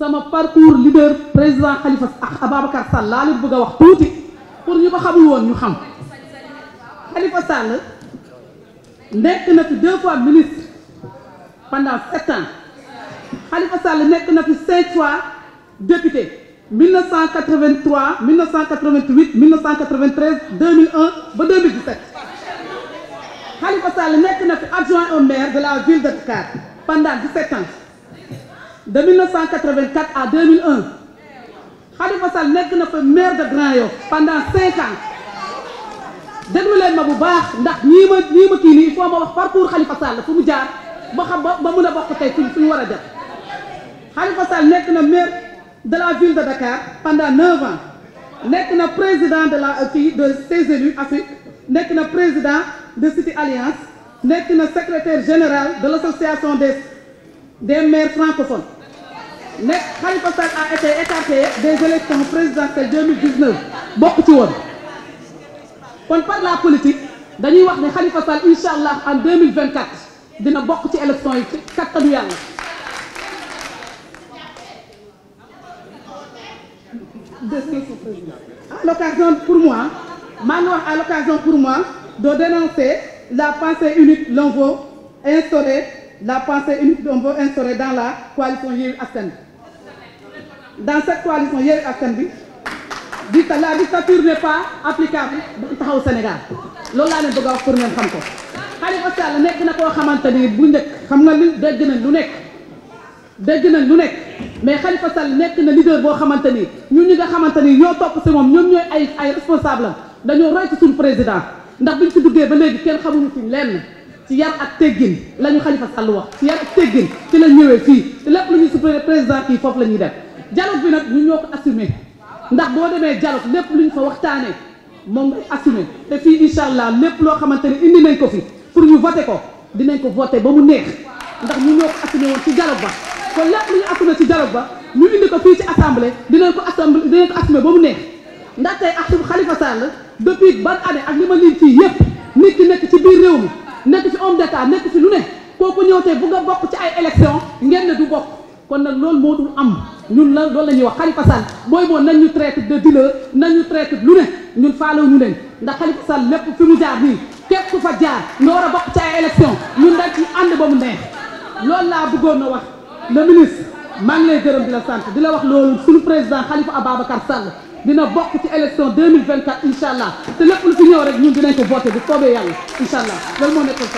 sama parcours leader président Khalifa ak Ababacar Sall laa leen wax tuuti pour ñu ko xamul woon ñu xam Khalifa Sall nekk na fi deux fois ministre pendant sept ans Khalifa Sall nekk na fi cinq fois député 1983 1988 1993 2001 ba 2017 Khalifa Sall nekk na fi adjoint au maire de la ville de Dakar pendant 17 ans. de 1984 à 2001 Khalifa Sall nekk na fa maire de Grand Yoff pendant cinq ans déglu leen ma bu baax ndax ñii ma ñii ma kii nii il ma wax parcours Khalifa Sall fu mu jaar ba xam ba ba mun a bokk tey fu ñu war a def Khalifa Sall nekk na maire de la ville de Dakar pendant neuf ans nekk na président de la euh, fii de ses élus Afrique nekk na président de City Alliance nekk na secrétaire général de l' association des des maires francophones nekk Khalifa Sall a été écarté des élections présidentielles 2019 bokk ci woon kon par la politique dañuy wax ne Khalifa Sall incha allah en 2024 dina bokk ci élection yi kattanu yàlla. à l'occasion pour moi maa ngi wax à l'occasion pour moi de dénoncer la pensée unique l'on veut instaurer la pensée unique l'on veut dans la coalition Yewwi Askan dans cette coalition Yewwi Askan Wi di la dictature n'est pas applicable taxaw Sénégal loolu laa leen bëgg a wax pour xam ko Khalifa Sall nekk na koo xamante ni bu njëkk xam na lu dégg nañ lu nekk dégg nañ lu nekk mais Khalifa Sall nekk na leader boo xamante ni ñun ñi nga xamante ni ñoo topp si moom ñoom ñooy ay ay responsable dañoo roy ci suñu président ndax biñ si duggee ba léegi kenn xamuñu ci lenn ci yar ak teggin la ñu Khalifa Sall wax ci yar ak teggin ci la ñëwee fii lépp lu ñu si président kii foofu la ñuy def dialogue bi nag ñu ñoo ko assumer ndax boo demee dialogue lépp luñ fa waxtaanee moom ngay assumer te fii incha allah lépp loo xamante ne indi nañ ko fi pour ñu voté ko dinañ ko voté ba mu neex ndax ñu ñoo ko assumer woon ci dialogue ba kon lépp lu ñu assumer ci dialogue ba ñu indi ko fii ci assemblée dinañ ko assemblée dinañ ko assumer ba mu neex ndax tey ak xalifa Sall depuis ban année ak li ma lim fii yépp nit ki nekk ci biir réew mi nekk fi homme d'état lu ne kooku ñëw tey bu nga bokk ci ay élection ngeen ne bokk. kon nag loolu moo dul am ñun la loolu la ñuy wax Khalifa Sall booy boo nañ ñu traité de dealer nañ ñu traité lu ne ñun faalewu ñu leen ndax Khalifa Sall lépp fi mu jaar nii képp ku fa jaar nga war a bokk ci ay élection ñun dañ ci ànd ba mu neex loolu laa bëggoon na wax le ministre maa ngi lay gërëm di la sant di la wax loolu suñu président Khalifa Ababacar Sall dina bokk ci élection 2024 incha allah te lépp lu fi ñëw rek ñun dinañ ko voté bu soobee yàlla incha allah